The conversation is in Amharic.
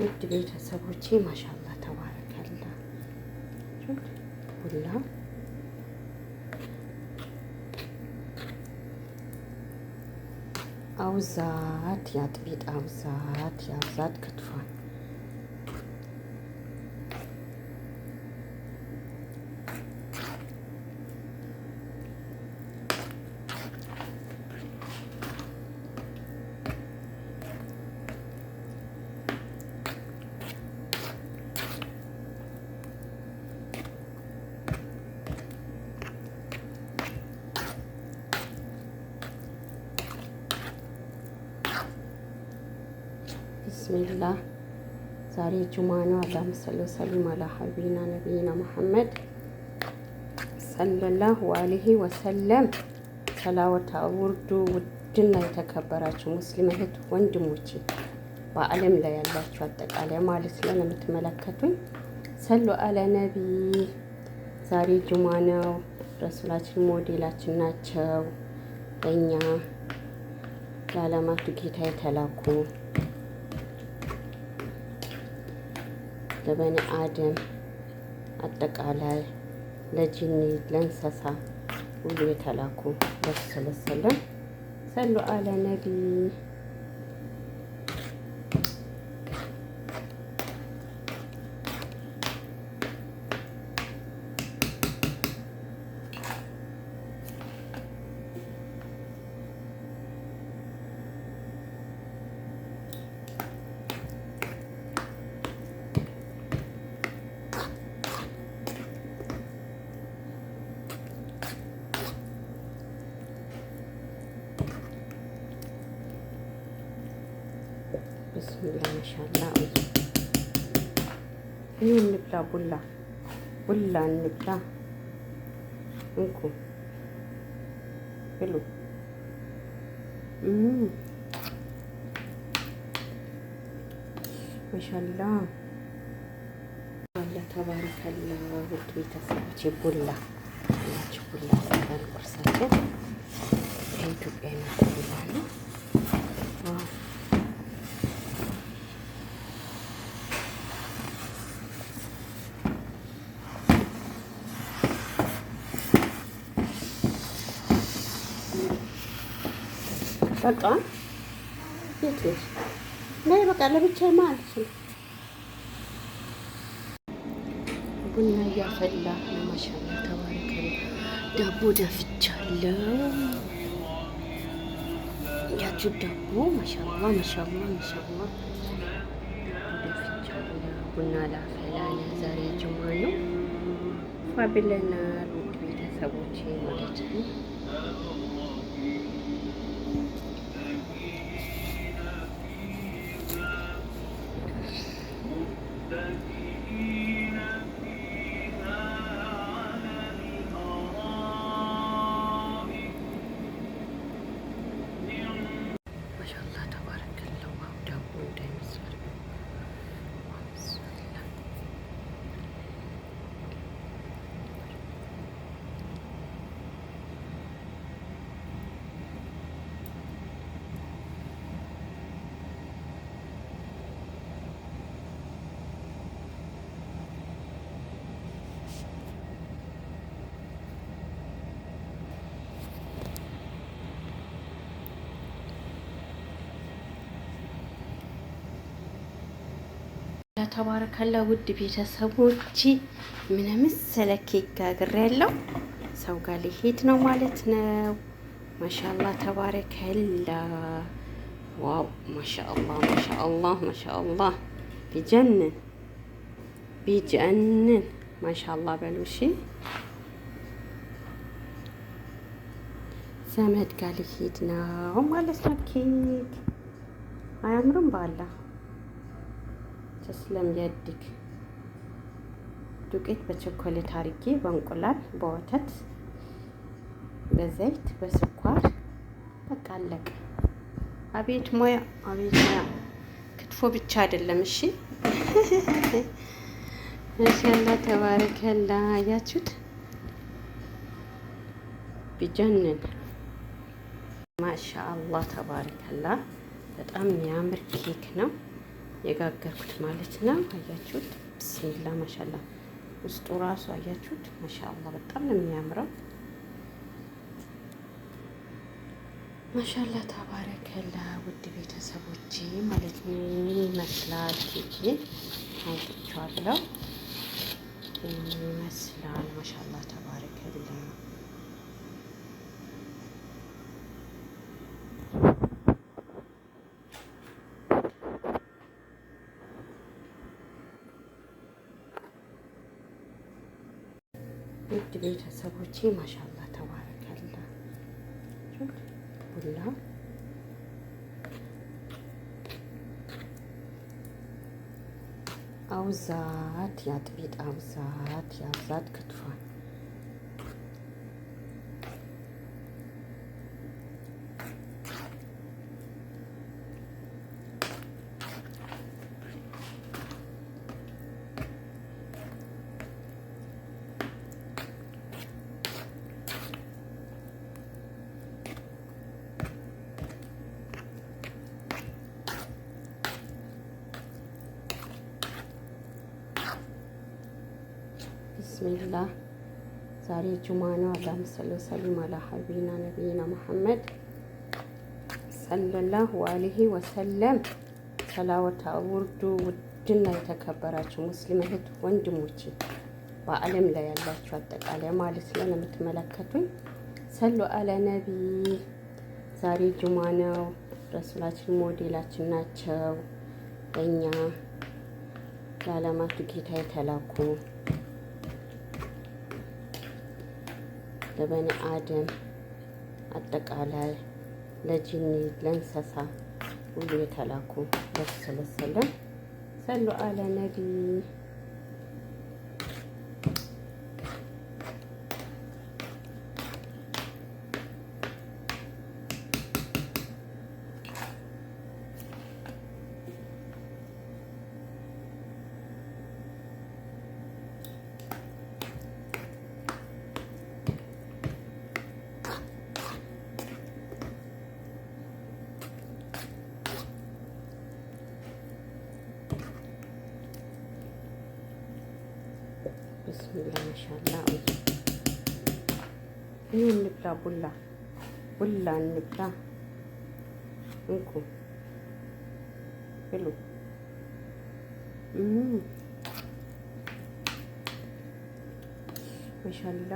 ውድ ቤተሰቦቼ ማሻላ ተባረከላ ቡላ አውዛት የአጥቢጥ አውዛት የአውዛት ክትፏል ብስሚላ ዛሬ ጁማ ነው። አላሁ ሰለ ወሰሊም አላ ሀቢና ነቢይና መሐመድ ሰለላሁ አለይሂ ወሰለም ሰላወታ ውርዱ። ውድና የተከበራችሁ ሙስሊም እህት ወንድሞች በአለም ላይ ያላችሁ አጠቃላይ ማለት ነው ለምትመለከቱኝ ሰሉ አለ ነቢ። ዛሬ ጁማ ነው። ረሱላችን ሞዴላችን ናቸው። ለእኛ ለዓለማቱ ጌታ የተላኩ ለበኒ አደም አጠቃላይ ለጂኒ ለእንሰሳ ሁሉ የተላኩ ረሱል ሰለም ሰሉ አለ ነቢይ ብስሚላ ማሻላ እዩ እንብላ ቡላ ቡላ እንብላ እንኩ ብሉ ማሻላ አላ ተባረከላ። ውድ ቤተሰቦች ቡላ ላችሁ ቡላ ሳባን ቁርሳችን ከኢትዮጵያ ይመጣ ቡላ ነው። በቃ የት ነሽ? ላይ በቃ ለብቻዬ ማለት ነው። ቡና እያፈላ ማሻላ ተባረከ። ዳቦ ደፍቻለሁ። ያችሁ ዳቦ ማሻላ ማሻላ ማሻላ ቡና ላፈላ ዛሬ ጅማ ነው። ፋብለናል ውድ ቤተሰቦቼ ማለት ነው። done ተባረከላ ውድ ቤተሰቦች ምንምስ ስለ ኬክ ጋግር ያለው ሰው ጋር ሊሄድ ነው ማለት ነው። ማሻአላ ተባረከላ። ዋው ማሻአላ ማሻአላ ማሻአላ ቢጀንን ቢጀንን ማሻአላ በሉ እሺ። ዘመድ ጋር ሊሄድ ነው ማለት ነው። ኬክ አያምርም ባላ ስለሚያድግ ዱቄት በቸኮሌት አርጌ በእንቁላል በወተት በዘይት በስኳር በቃ አለቀ። አቤት ሙያ አቤት ሙያ! ክትፎ ብቻ አይደለም። እሺ ማሻአላ ተባረከላ። አያችሁት ቢጀንን ማሻአላ ተባረከላ። በጣም የሚያምር ኬክ ነው። የጋገርኩት ማለት ነው። አያችሁት? ብስሚላ ማሻላ ውስጡ ራሱ አያችሁት? ማሻላ በጣም ነው የሚያምረው። ማሻላ ተባረከላ። ውድ ቤተሰቦች ማለት ነው ምን ይመስላል። ኬኬ አውጥቼዋለሁ ይመስላል። ማሻላ ተባረከላ። ውድ ቤተሰቦቼ ማሻላ ተባረከላ ቡላ አውዛት ያጥቢጥ አውዛት ያብዛት ክትፎ ብስሚላ ዛሬ ጁማ ነው። አላሁመ ሰሊ ወሰሊም አላ ሀቢና ነቢይና መሐመድ ሰለላሁ አለይሂ ወሰለም ሰላወት አውርዱ። ውድና የተከበራችሁ ሙስሊም እህት ወንድሞች በአለም ላይ ያላችሁ አጠቃላይ ማለት ነው ለምትመለከቱኝ ሰሉ አለ ነቢይ። ዛሬ ጁማ ነው። ረሱላችን ሞዴላችን ናቸው። እኛ ለዓለማቱ ጌታ የተላኩ ለበኒ አደም አጠቃላይ ለጂኒ ለእንስሳ ሁሉ የተላኩ ረሱል ሰለም ሰሉ አለ ነቢይ ብስሚላ ማሻላ ይህ እንብላ ቡላ ቡላ እንብላ እንኩ ብሉ ማሻላ